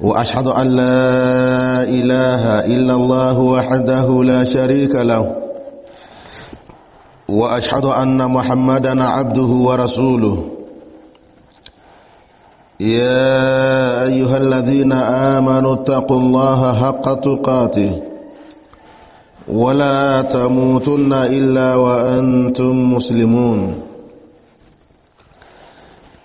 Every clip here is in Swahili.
وأشهد أن لا إله إلا الله وحده لا شريك له وأشهد أن محمدا عبده ورسوله يا أيها الذين آمنوا اتقوا الله حق تقاته ولا تموتن إلا وأنتم مسلمون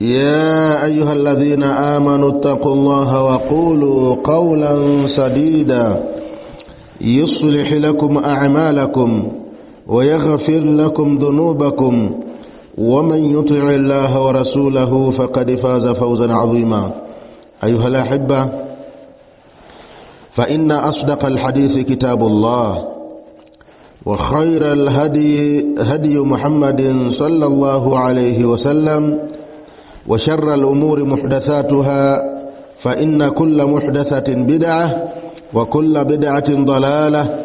يا أيها الذين آمنوا اتقوا الله وقولوا قولا سديدا يصلح لكم أعمالكم ويغفر لكم ذنوبكم ومن يطع الله ورسوله فقد فاز فوزا عظيما أيها الأحبة فإن أصدق الحديث كتاب الله وخير الهدي هدي محمد صلى الله عليه وسلم وشر الأمور محدثاتها فإن كل محدثة بدعة وكل بدعة ضلالة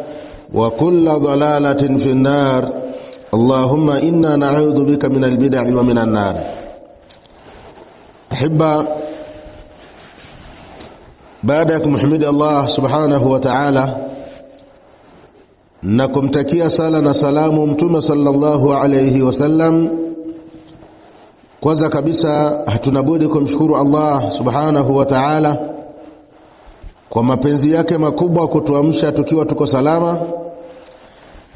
وكل ضلالة في النار اللهم إنا نعوذ بك من البدع ومن النار أحبة بعدكم محمد الله سبحانه وتعالى نكم kumtakia سالنا سلام salamu صلى الله عليه وسلم Kwanza kabisa hatuna budi kumshukuru Allah subhanahu wa ta'ala kwa mapenzi yake makubwa kutuamsha tukiwa tuko salama,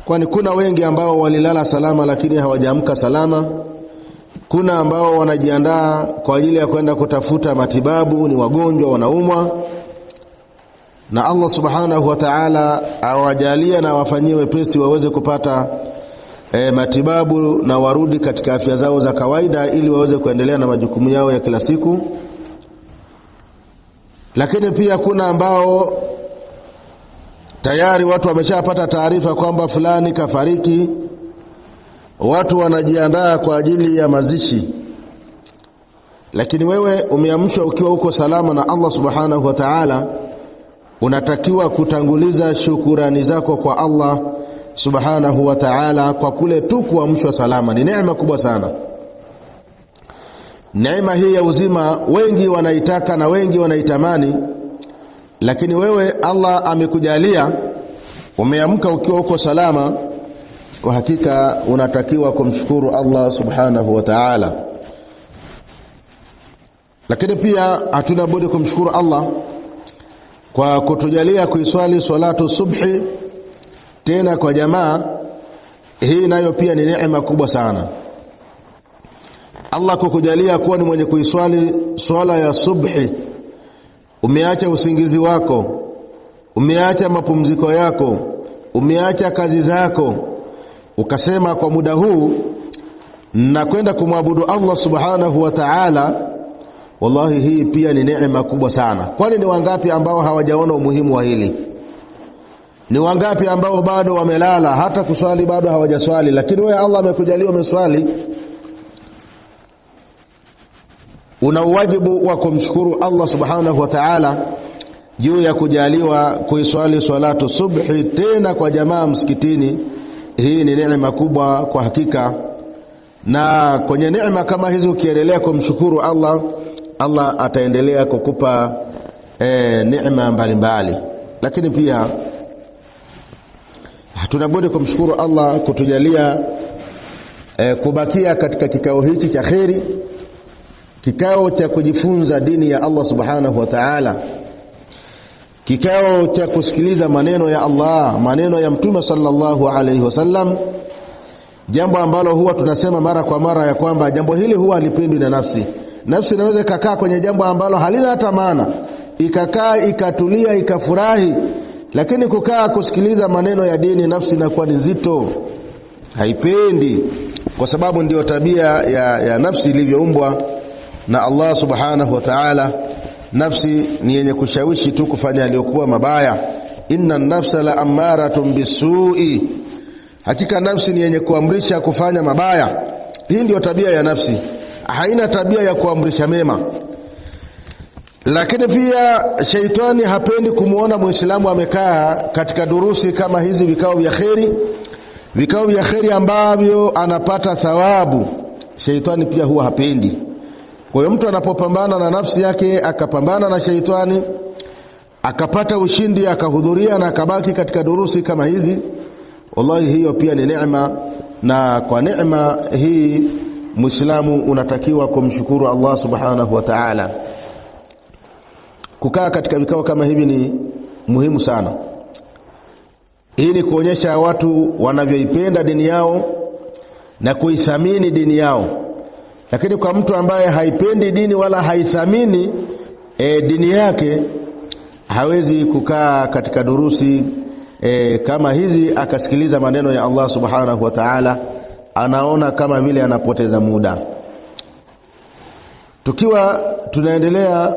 kwani kuna wengi ambao walilala salama lakini hawajaamka salama. Kuna ambao wanajiandaa kwa ajili ya kwenda kutafuta matibabu, ni wagonjwa, wanaumwa, na Allah subhanahu wa ta'ala awajalie na awafanyie wepesi waweze kupata e, matibabu na warudi katika afya zao za kawaida ili waweze kuendelea na majukumu yao ya kila siku. Lakini pia kuna ambao tayari watu wameshapata taarifa kwamba fulani kafariki, watu wanajiandaa kwa ajili ya mazishi, lakini wewe umeamshwa ukiwa uko salama na Allah subhanahu wa ta'ala, unatakiwa kutanguliza shukurani zako kwa Allah subhanahu wa ta'ala kwa kule tu kuamshwa salama. Ni neema kubwa sana. Neema hii ya uzima wengi wanaitaka na wengi wanaitamani, lakini wewe Allah amekujalia, umeamka ukiwa uko salama, kwa hakika unatakiwa kumshukuru Allah subhanahu wa ta'ala. Lakini pia hatuna budi kumshukuru Allah kwa kutujalia kuiswali salatu subhi tena kwa jamaa hii nayo pia ni neema kubwa sana Allah kukujalia kuwa ni mwenye kuiswali swala ya subhi umeacha usingizi wako umeacha mapumziko yako umeacha kazi zako ukasema kwa muda huu na kwenda kumwabudu Allah subhanahu wa ta'ala wallahi hii pia ni neema kubwa sana kwani ni wangapi ambao hawajaona umuhimu wa hili ni wangapi ambao bado wamelala, hata kuswali bado hawajaswali, lakini wewe Allah amekujalia umeswali, una uwajibu wa kumshukuru Allah subhanahu wa ta'ala juu ya kujaliwa kuiswali swalatu subhi tena kwa jamaa msikitini. Hii ni neema kubwa kwa hakika, na kwenye neema kama hizo ukiendelea kumshukuru Allah, Allah ataendelea kukupa eh, neema mbalimbali, lakini pia hatuna budi kumshukuru Allah kutujalia e, kubakia katika kikao hichi cha kheri, kikao cha kujifunza dini ya Allah subhanahu wa ta'ala, kikao cha kusikiliza maneno ya Allah, maneno ya Mtume sallallahu alayhi wasallam, jambo ambalo huwa tunasema mara kwa mara ya kwamba jambo hili huwa halipendwi na nafsi. Nafsi inaweza ikakaa kwenye jambo ambalo halina hata maana, ikakaa ikatulia, ikafurahi lakini kukaa kusikiliza maneno ya dini nafsi inakuwa ni nzito, haipendi, kwa sababu ndiyo tabia ya, ya nafsi ilivyoumbwa na Allah subhanahu wa ta'ala. Nafsi ni yenye kushawishi tu kufanya aliyokuwa mabaya. inna nafsa la amaratun bisui, hakika nafsi ni yenye kuamrisha kufanya mabaya. Hii ndiyo tabia ya nafsi, haina tabia ya kuamrisha mema. Lakini pia sheitani hapendi kumwona Muislamu amekaa katika durusi kama hizi, vikao vya kheri, vikao vya kheri ambavyo anapata thawabu. Sheitani pia huwa hapendi. Kwa hiyo mtu anapopambana na nafsi yake akapambana na sheitani akapata ushindi akahudhuria na akabaki katika durusi kama hizi, wallahi hiyo pia ni neema, na kwa neema hii Muislamu unatakiwa kumshukuru Allah subhanahu wa ta'ala kukaa katika vikao kama hivi ni muhimu sana. Hii ni kuonyesha watu wanavyoipenda dini yao na kuithamini dini yao. Lakini kwa mtu ambaye haipendi dini wala haithamini e, dini yake hawezi kukaa katika durusi e, kama hizi akasikiliza maneno ya Allah subhanahu wa ta'ala, anaona kama vile anapoteza muda. Tukiwa tunaendelea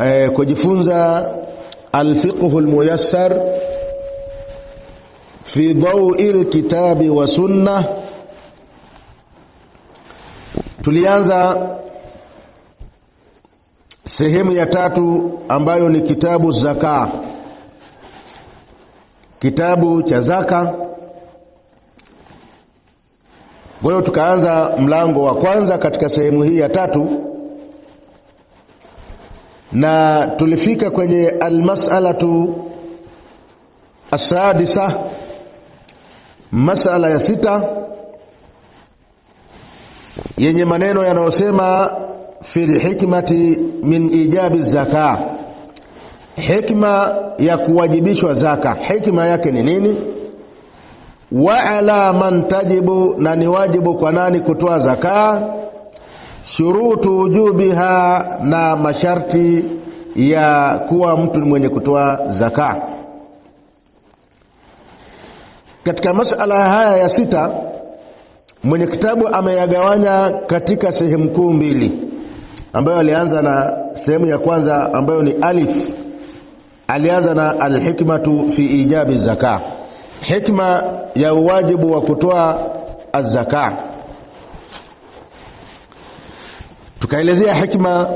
eh, kujifunza alfiqhu almuyassar fi dhaui alkitabi wa sunna tulianza sehemu ya tatu ambayo ni kitabu zaka kitabu cha zaka kwa hiyo tukaanza mlango wa kwanza katika sehemu hii ya tatu na tulifika kwenye almasalatu asadisa, masala ya sita yenye maneno yanayosema fi lhikmati min ijabi zaka, hikma ya kuwajibishwa zaka, hikma yake ni nini? Wa ala man tajibu, na ni wajibu kwa nani kutoa zakaa shurutu wujubiha, na masharti ya kuwa mtu ni mwenye kutoa zaka. Katika masala haya ya sita, mwenye kitabu ameyagawanya katika sehemu kuu mbili, ambayo alianza na sehemu ya kwanza ambayo ni alif, alianza na alhikmatu fi ijabi zaka, hikma ya uwajibu wa kutoa azaka tukaelezea hikma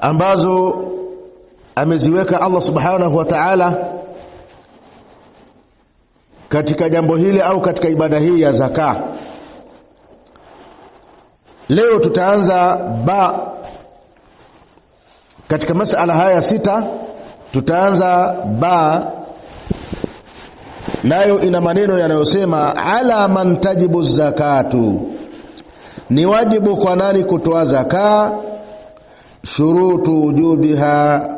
ambazo ameziweka Allah subhanahu wa ta'ala katika jambo hili au katika ibada hii ya zaka. Leo tutaanza ba katika masala haya sita, tutaanza ba nayo ina maneno yanayosema ala man tajibu zakatu ni wajibu kwa nani kutoa zaka? Shurutu wujubiha,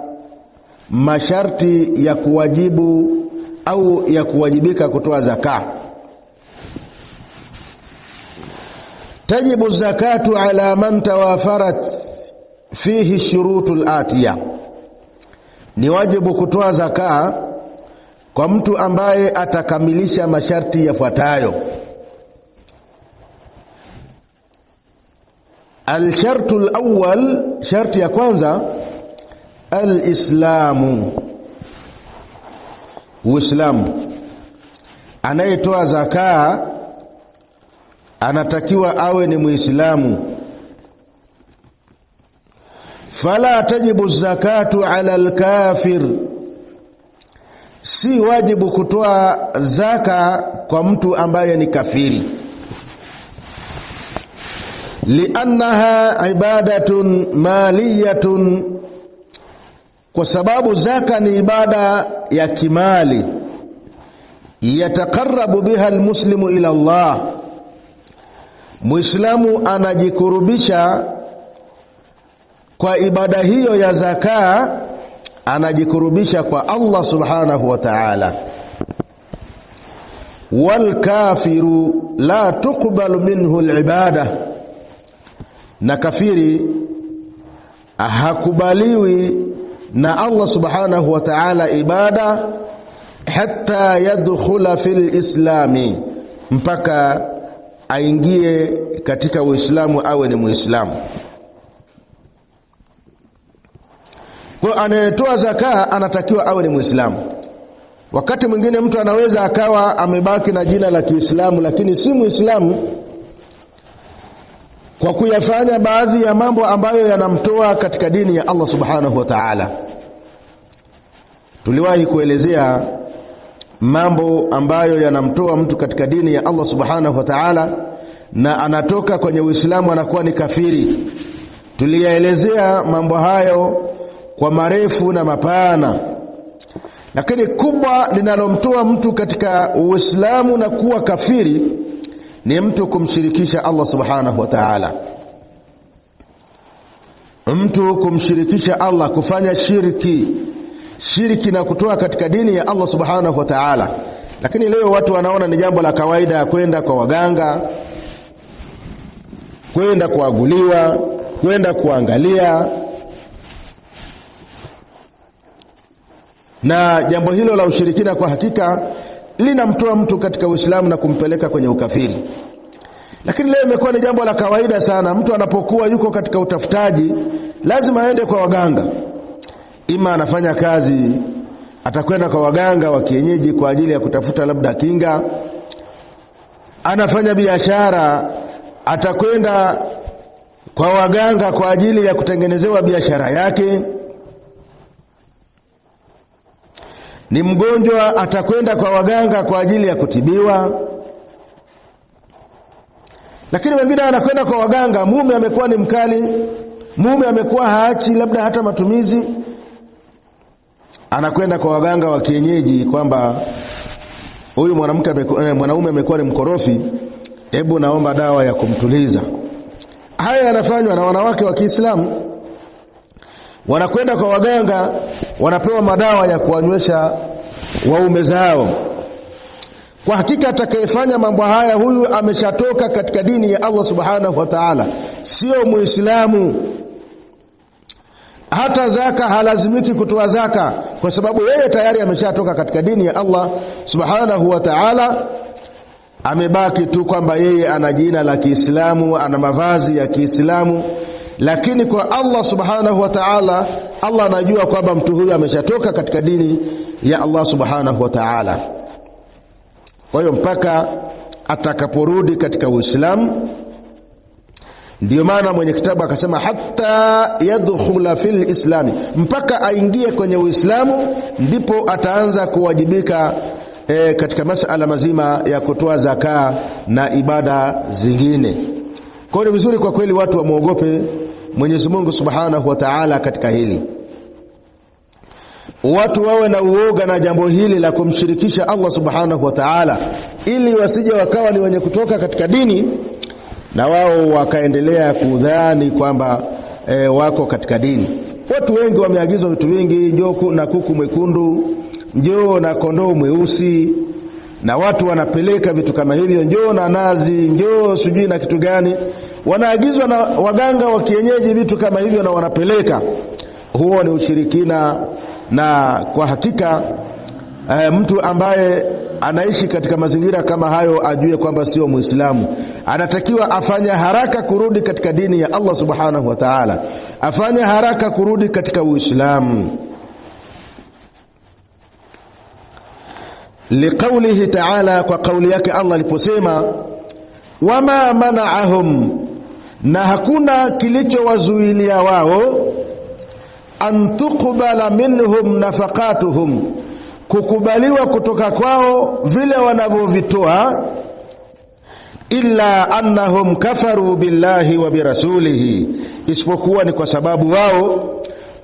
masharti ya kuwajibu au ya kuwajibika kutoa zaka. Tajibu zakatu ala man tawafarat fihi shurutu latiya, ni wajibu kutoa zaka kwa mtu ambaye atakamilisha masharti yafuatayo. Alshartu lawal, sharti ya kwanza alislamu, Uislamu. Anayetoa zakaa anatakiwa awe ni Muislamu. Fala tajibu zakatu ala alkafir, si wajibu kutoa zaka kwa mtu ambaye ni kafiri liannaha ibadatun maliyatun, kwa sababu zaka ni ibada ya kimali. Yataqarrabu biha almuslimu ila Allah, muislamu anajikurubisha kwa ibada hiyo ya zaka, anajikurubisha kwa Allah subhanahu wa ta'ala. Walkafiru la tuqbalu minhu alibada na kafiri hakubaliwi na Allah subhanahu wa ta'ala ibada hata yadkhula fil islami, mpaka aingie katika Uislamu awe ni Muislamu. Kwa anayetoa zaka anatakiwa awe ni Muislamu. Wakati mwingine mtu anaweza akawa amebaki na jina la Kiislamu lakini si Muislamu kwa kuyafanya baadhi ya mambo ambayo yanamtoa katika dini ya Allah subhanahu wa ta'ala. Tuliwahi kuelezea mambo ambayo yanamtoa mtu katika dini ya Allah subhanahu wa ta'ala, na anatoka kwenye Uislamu anakuwa ni kafiri. Tuliyaelezea mambo hayo kwa marefu na mapana, lakini kubwa linalomtoa mtu katika Uislamu na kuwa kafiri ni mtu kumshirikisha Allah subhanahu wa ta'ala, mtu kumshirikisha Allah, kufanya shirki shirki na kutoa katika dini ya Allah subhanahu wa ta'ala. Lakini leo watu wanaona ni jambo la kawaida ya kwenda kwa waganga, kwenda kuaguliwa, kwenda kuangalia, na jambo hilo la ushirikina kwa hakika linamtoa mtu katika Uislamu na kumpeleka kwenye ukafiri. Lakini leo imekuwa ni jambo la kawaida sana, mtu anapokuwa yuko katika utafutaji lazima aende kwa waganga, ima anafanya kazi atakwenda kwa waganga wa kienyeji kwa ajili ya kutafuta labda kinga, anafanya biashara atakwenda kwa waganga kwa ajili ya kutengenezewa biashara yake. ni mgonjwa atakwenda kwa waganga kwa ajili ya kutibiwa lakini wengine wanakwenda kwa waganga mume amekuwa ni mkali mume amekuwa haachi labda hata matumizi anakwenda kwa waganga wa kienyeji kwamba huyu mwanamke eh, mwanaume amekuwa ni mkorofi hebu naomba dawa ya kumtuliza haya yanafanywa na wanawake wa Kiislamu wanakwenda kwa waganga, wanapewa madawa ya kuwanywesha waume zao. Kwa hakika atakayefanya mambo haya, huyu ameshatoka katika dini ya Allah subhanahu wa ta'ala, sio Muislamu. Hata zaka halazimiki kutoa zaka, kwa sababu yeye tayari ameshatoka katika dini ya Allah subhanahu wa ta'ala. Amebaki tu kwamba yeye ana jina la Kiislamu, ana mavazi ya Kiislamu lakini kwa Allah subhanahu wa ta'ala, Allah anajua kwamba mtu huyu ameshatoka katika dini ya Allah subhanahu wa ta'ala. Kwa hiyo mpaka atakaporudi katika Uislamu. ndio maana mwenye kitabu akasema hatta yadkhula fil islami, mpaka aingie kwenye Uislamu ndipo ataanza kuwajibika e, katika masala mazima ya kutoa zakaa na ibada zingine. Kwa hiyo ni vizuri kwa kweli watu wamwogope Mwenyezi Mungu Subhanahu wa Ta'ala katika hili, watu wawe na uoga na jambo hili la kumshirikisha Allah Subhanahu wa Ta'ala, ili wasije wakawa ni wenye kutoka katika dini na wao wakaendelea kudhani kwamba e, wako katika dini. Watu wengi wameagizwa vitu vingi, njoo na kuku mwekundu, njoo na kondoo mweusi na watu wanapeleka vitu kama hivyo, njoo na nazi, njoo sijui na kitu gani, wanaagizwa na waganga wa kienyeji vitu kama hivyo na wanapeleka. Huo ni ushirikina, na kwa hakika e, mtu ambaye anaishi katika mazingira kama hayo ajue kwamba sio Muislamu. Anatakiwa afanye haraka kurudi katika dini ya Allah subhanahu wa ta'ala, afanye haraka kurudi katika Uislamu. liqaulihi taala, kwa kauli yake Allah aliposema wama manaahum, na hakuna kilichowazuilia wao an tuqbala minhum nafaqatuhum, kukubaliwa kutoka kwao vile wanavyovitoa illa annahum kafaru billahi wa birasulihi, isipokuwa ni kwa sababu wao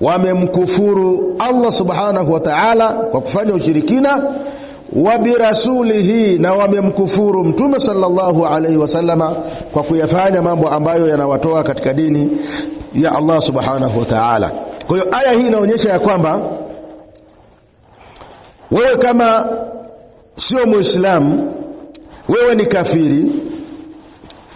wamemkufuru Allah subhanahu wa ta'ala kwa kufanya ushirikina wa birasulihi, na wamemkufuru mtume sallallahu alayhi wasallama kwa kuyafanya mambo ambayo yanawatoa katika dini ya Allah subhanahu wa ta'ala. Kwa hiyo aya hii inaonyesha ya kwamba wewe kama sio Muislamu, wewe ni kafiri,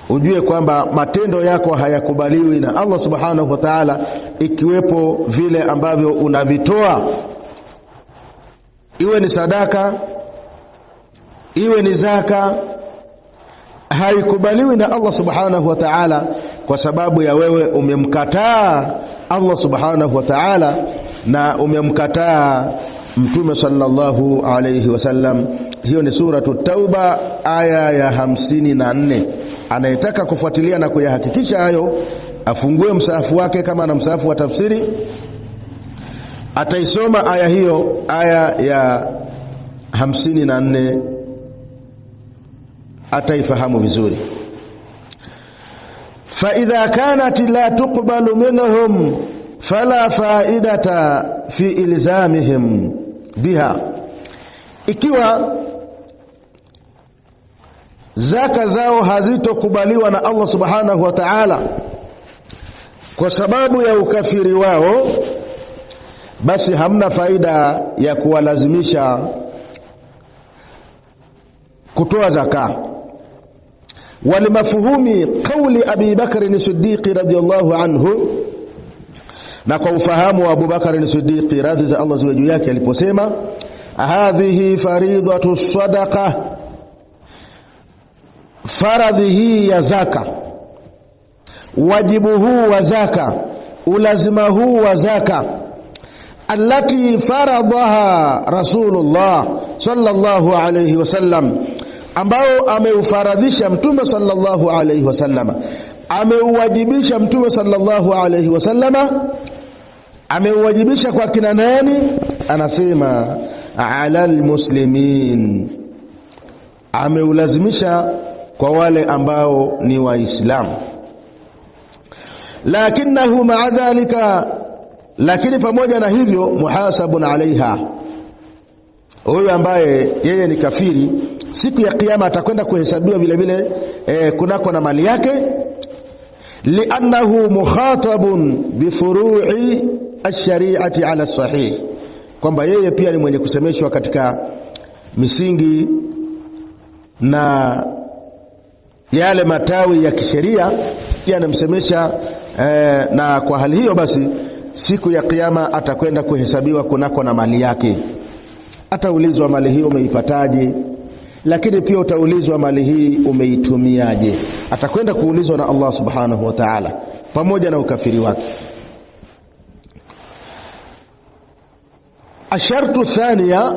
ujue kwamba matendo yako hayakubaliwi na Allah subhanahu wa ta'ala, ikiwepo vile ambavyo unavitoa iwe ni sadaka iwe ni zaka haikubaliwi na Allah subhanahu wa ta'ala, kwa sababu ya wewe umemkataa Allah subhanahu wa ta'ala na umemkataa Mtume sallallahu alayhi wasallam. Hiyo ni suratu Tauba aya ya hamsini na nne. Anayetaka kufuatilia na kuyahakikisha hayo afungue msahafu wake, kama na msahafu wa tafsiri ataisoma aya hiyo, aya ya hamsini na nne ataifahamu vizuri fa idha kanat la tuqbalu minhum fala faidata fi ilzamihim biha ikiwa zaka zao hazitokubaliwa na Allah subhanahu wa ta'ala kwa sababu ya ukafiri wao basi hamna faida ya kuwalazimisha kutoa zakaa walimafhumi qauli Abi Bakr Siddiqi radhiallahu anhu, na kwa ufahamu wa Abu Bakr Siddiqi radhi za Allah ziwe juu yake aliposema hadhihi faridhatu sadaqa, faradhi hii ya zaka, wajibu huu wa zaka, ulazima huu wa zaka allati faradhaha Rasulullah sallallahu alayhi wasallam ambao ameufaradhisha Mtume sallallahu alayhi wasallama, ameuwajibisha Mtume sallallahu alayhi wasallama, ameuwajibisha kwa kina nani? Anasema ala almuslimin ameulazimisha kwa wale ambao ni Waislamu. Lakinahu maa dhalika, lakini pamoja na hivyo, muhasabun alaiha, huyu ambaye yeye ni kafiri siku ya kiyama atakwenda kuhesabiwa vile vile e, kunako na mali yake liannahu mukhatabun bifurui alshariati ala sahih, kwamba yeye pia ni mwenye kusemeshwa katika misingi na yale matawi ya kisheria yanamsemesha e, eh, na kwa hali hiyo basi siku ya kiyama atakwenda kuhesabiwa kunako na mali yake. Ataulizwa mali hiyo umeipataje? lakini pia utaulizwa mali hii umeitumiaje. Atakwenda kuulizwa na Allah subhanahu wa ta'ala, pamoja na ukafiri wake. Ashartu thania,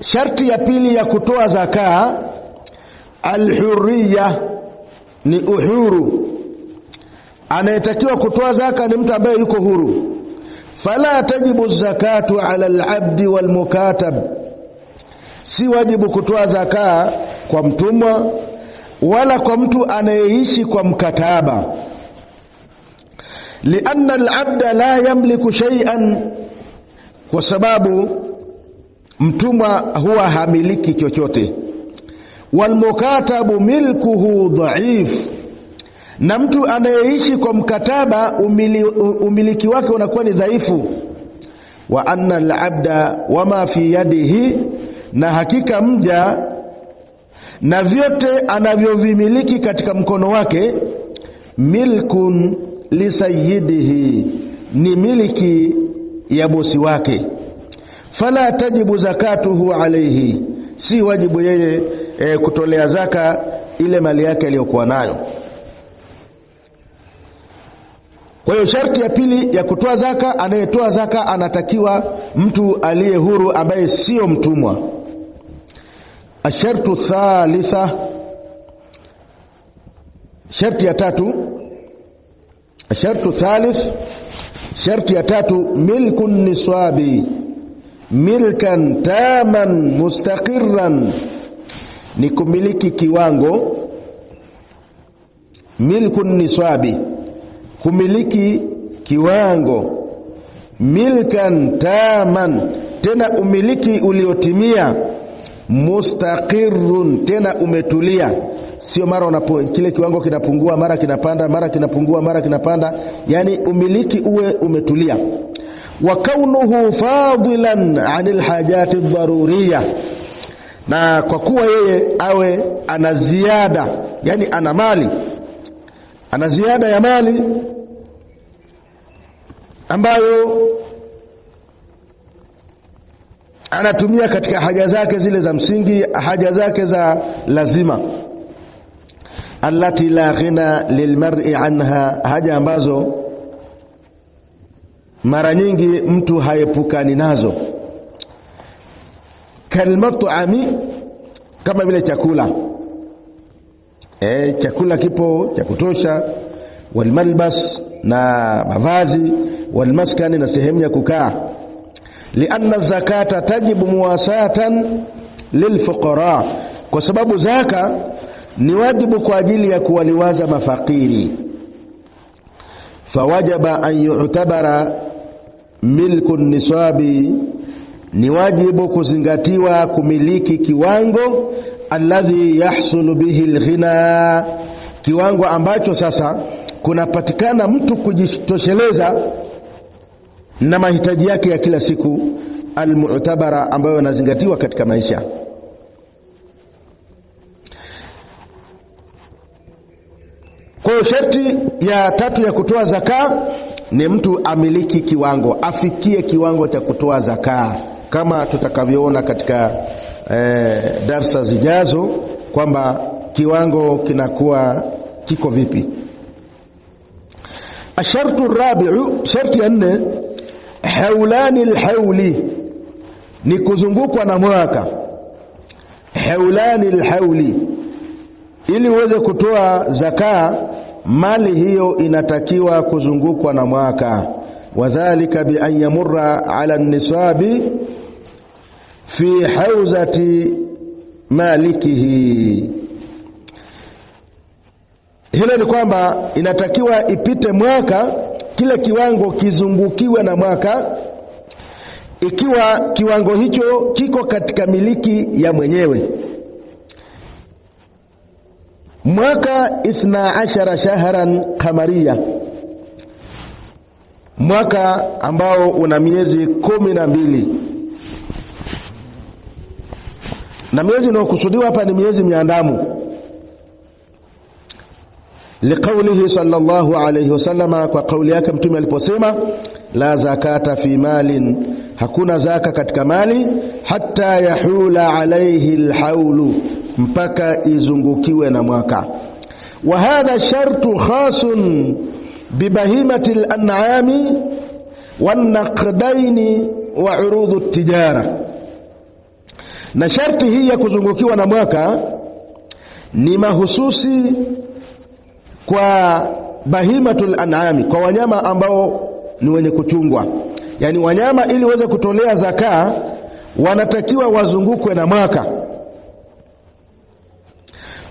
sharti ya pili ya kutoa zakaa, alhurriya ni uhuru. Anayetakiwa kutoa zaka ni mtu ambaye yuko huru. Fala tajibu zakatu ala alabdi walmukatab si wajibu kutoa zakaa kwa mtumwa wala kwa mtu anayeishi kwa mkataba, lianna alabda la yamliku shay'an, kwa sababu mtumwa huwa hamiliki chochote. Walmukatabu milkuhu dhaif, na mtu anayeishi kwa mkataba umili, umiliki wake unakuwa ni dhaifu. Wa anna alabda wama fi yadihi na hakika mja na vyote anavyovimiliki katika mkono wake, milkun lisayidihi, ni miliki ya bosi wake. Fala tajibu zakatuhu alaihi, si wajibu yeye e, kutolea zaka ile mali yake aliyokuwa nayo. Kwa hiyo sharti ya pili ya kutoa zaka, anayetoa zaka anatakiwa mtu aliye huru, ambaye sio mtumwa ashartu thalitha, sharti ya tatu, ashartu thalith, sharti ya tatu, milkun niswabi milkan taman mustaqirran, ni kumiliki kiwango. Milkun niswabi, kumiliki kiwango. Milkan taman, tena umiliki uliotimia mustaqirun, tena umetulia, sio mara unapo, kile kiwango kinapungua mara kinapanda mara kinapungua mara kinapanda, yani umiliki uwe umetulia. Wa kaunuhu fadilan anil hajati dharuriya, na kwa kuwa yeye awe ana ziada, yani ana mali, ana ziada ya mali ambayo anatumia katika haja zake zile za msingi, haja zake za lazima, allati la ghina lilmar'i anha, haja ambazo mara nyingi mtu haepukani nazo, kalmat'ami, kama vile chakula e, chakula kipo cha kutosha, walmalbas, na mavazi, walmaskani, na sehemu ya kukaa lianna zakata tajibu muwasatan lilfuqara, kwa sababu zaka ni wajibu kwa ajili ya kuwaliwaza mafakiri. Fawajaba an yu'tabara milku nisabi, ni wajibu kuzingatiwa kumiliki kiwango alladhi yahsulu bihi alghina, kiwango ambacho sasa kunapatikana mtu kujitosheleza na mahitaji yake ya kila siku almu'tabara, ambayo yanazingatiwa katika maisha. Kwa sharti ya tatu ya kutoa zaka ni mtu amiliki kiwango, afikie kiwango cha kutoa zaka, kama tutakavyoona katika eh, darsa zijazo kwamba kiwango kinakuwa kiko vipi. Ashartu rabiu, sharti ya nne haulani alhauli ni kuzungukwa na mwaka haulani alhauli ili uweze kutoa zakaa mali hiyo inatakiwa kuzungukwa na mwaka wadhālika bi an yamurra ala nisabi fi hawzati malikihi hilo ni kwamba inatakiwa ipite mwaka kila kiwango kizungukiwe na mwaka ikiwa kiwango hicho kiko katika miliki ya mwenyewe. Mwaka ithna ashara shahran kamaria, mwaka ambao una miezi kumi na mbili na miezi inayokusudiwa hapa ni miezi miandamu liqaulihi sallallahu alayhi wasallama, kwa kauli yake Mtume aliposema la zakata fi malin, hakuna zaka katika mali, hatta yahula alayhi alhaulu, mpaka izungukiwe na mwaka. Wa hadha shartu khasun bibahimati al-an'ami wa urudhu tijara, na sharti hii ya kuzungukiwa na mwaka ni mahususi kwa bahimatul an'ami, kwa wanyama ambao ni wenye kuchungwa. Yaani wanyama ili waweze kutolea zakaa wanatakiwa wazungukwe na mwaka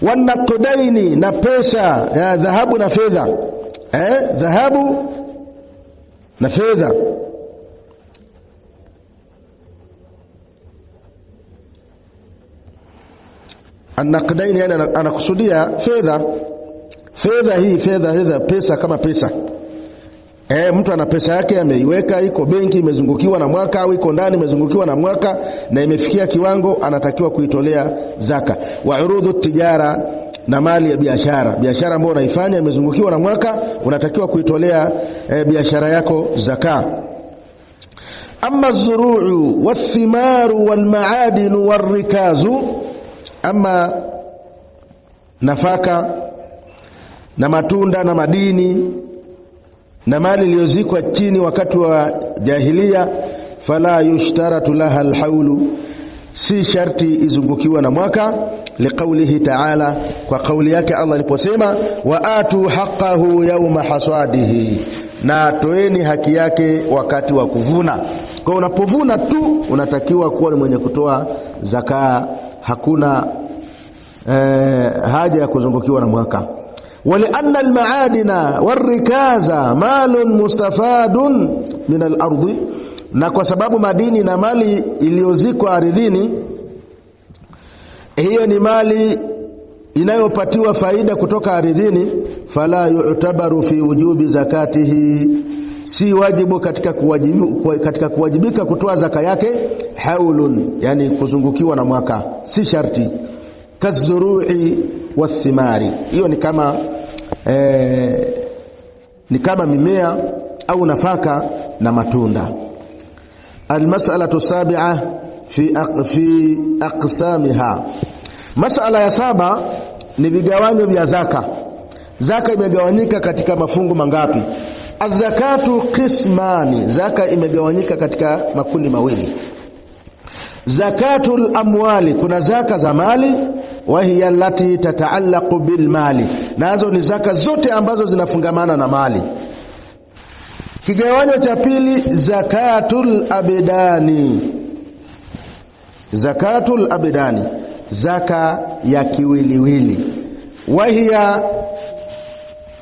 wanakdaini na pesa ya dhahabu na fedha eh, dhahabu na fedha anakudaini yani anakusudia fedha fedha hii fedha fedha pesa kama pesa E, mtu ana pesa yake ameiweka, iko benki imezungukiwa na mwaka au iko ndani imezungukiwa na mwaka na imefikia kiwango, anatakiwa kuitolea zaka. Wa urudhu tijara, na mali ya biashara, biashara ambayo unaifanya imezungukiwa na mwaka, unatakiwa kuitolea e, biashara yako zaka. Ama zuruu wathimaru walmaadinu warrikazu, ama nafaka na matunda na madini na mali iliyozikwa chini wakati wa jahilia, fala yushtaratu laha alhaulu, si sharti izungukiwa na mwaka. Liqaulihi taala, kwa kauli yake Allah aliposema, wa atu haqqahu yauma hasadihi, na toeni haki yake wakati wa kuvuna. Kwa unapovuna tu unatakiwa kuwa ni mwenye kutoa zakaa, hakuna eh, haja ya kuzungukiwa na mwaka. ولأن المعادن والركاز مال مستفاد min alardhi, na kwa sababu madini na mali iliyozikwa ardhini hiyo ni mali inayopatiwa faida kutoka ardhini. Fala yutabaru fi wujubi zakatihi, si wajibu katika, kuwajibu, katika kuwajibika kutoa zaka yake. Haulun, yani kuzungukiwa na mwaka, si sharti. Kazurui wathimari. Hiyo ni kama eh, ni kama mimea au nafaka na matunda. almasala sabia fi, ak, fi aqsamiha. Masala ya saba ni vigawanyo vya zaka. Zaka imegawanyika katika mafungu mangapi? Azakatu qismani, zaka imegawanyika katika makundi mawili. Zakatul amwali, kuna zaka za mali wa hiya lati tataallaqu bilmali, nazo ni zaka zote ambazo zinafungamana na mali. Kigawanyo cha pili, zakatul abdani, zakatul abdani, zaka ya kiwiliwili. wa hiya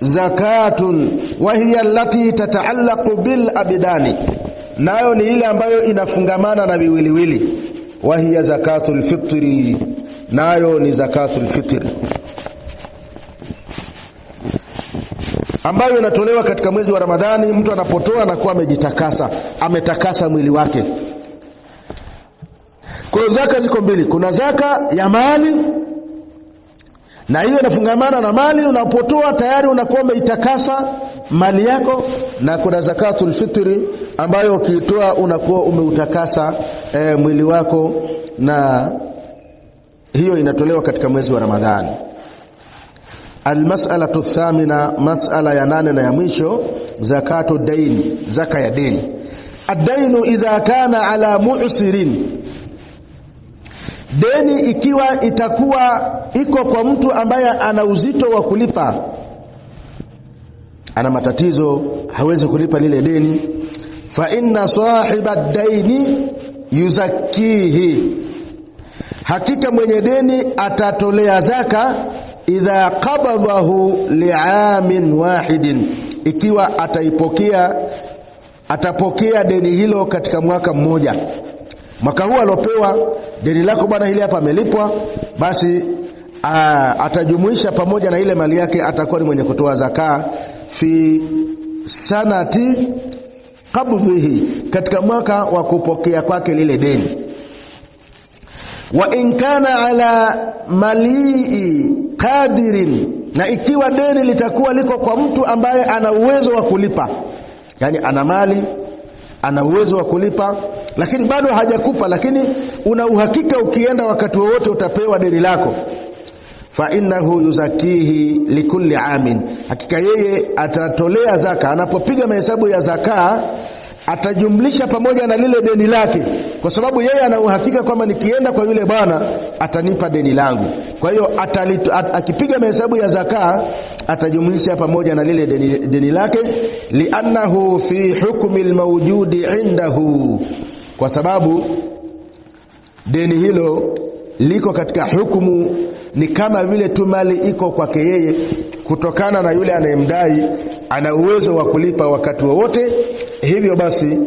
zakatun wa hiya lati tataallaqu bil abdani, nayo ni ile ambayo inafungamana na viwiliwili. wa hiya zakatul fitri nayo ni zakatul fitr ambayo inatolewa katika mwezi wa Ramadhani. Mtu anapotoa anakuwa amejitakasa, ametakasa mwili wake. Kwa hiyo zaka ziko mbili, kuna zaka ya mali na hiyo inafungamana na mali. Unapotoa tayari unakuwa umeitakasa mali yako, na kuna zakatul fitri ambayo ukiitoa unakuwa umeutakasa e, mwili wako na hiyo inatolewa katika mwezi wa Ramadhani. Almasalatu thamina, masala ya nane na ya mwisho, zakatu daini, zaka ya deni. Adainu idha kana ala musirin, deni ikiwa itakuwa iko kwa mtu ambaye ana uzito wa kulipa, ana matatizo, hawezi kulipa lile deni. Fa inna sahiba daini yuzakkihi Hakika mwenye deni atatolea zaka idha qabadhahu liamin wahidin, ikiwa ataipokea atapokea deni hilo katika mwaka mmoja. Mwaka huu alopewa deni lako bwana, hili hapa amelipwa, basi aa, atajumuisha pamoja na ile mali yake, atakuwa ni mwenye kutoa zaka fi sanati qabdhihi, katika mwaka wa kupokea kwake lile deni wa in kana ala malii qadirin, na ikiwa deni litakuwa liko kwa mtu ambaye ana uwezo wa kulipa, yani ana mali ana uwezo wa kulipa, lakini bado hajakupa, lakini una uhakika ukienda wakati wowote utapewa deni lako. Fa innahu yuzakihi likulli amin, hakika yeye atatolea zaka. Anapopiga mahesabu ya zaka atajumlisha pamoja na lile deni lake, kwa sababu yeye ana uhakika kwamba nikienda kwa yule bwana atanipa deni langu. Kwa hiyo at, akipiga mahesabu ya zaka atajumlisha pamoja na lile deni, deni lake, liannahu fi hukmi almawjudi indahu, kwa sababu deni hilo liko katika hukumu, ni kama vile tu mali iko kwake yeye kutokana na yule anayemdai ana uwezo wa kulipa wakati wowote. Hivyo basi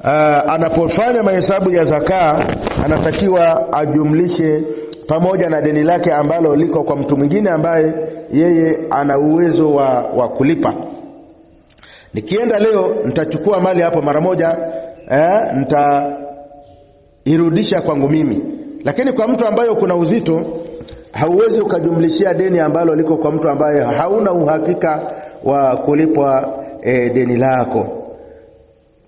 uh, anapofanya mahesabu ya zakaa anatakiwa ajumlishe pamoja na deni lake ambalo liko kwa mtu mwingine ambaye yeye ana uwezo wa, wa kulipa. Nikienda leo nitachukua mali hapo mara moja eh, nitairudisha kwangu mimi, lakini kwa mtu ambaye kuna uzito hauwezi ukajumlishia deni ambalo liko kwa mtu ambaye hauna uhakika wa kulipwa e, deni lako.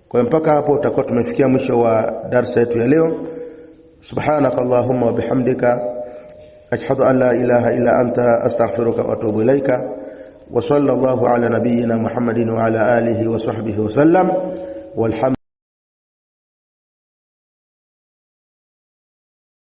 Kwa hiyo mpaka hapo utakuwa tumefikia mwisho wa darsa yetu ya leo. Subhanaka Allahumma wa bihamdika ashhadu an la ilaha illa anta astaghfiruka wa atubu ilaika wa sallallahu ala nabiyyina Muhammadin wa ala alihi wa sahbihi wa sallam walhamdulillah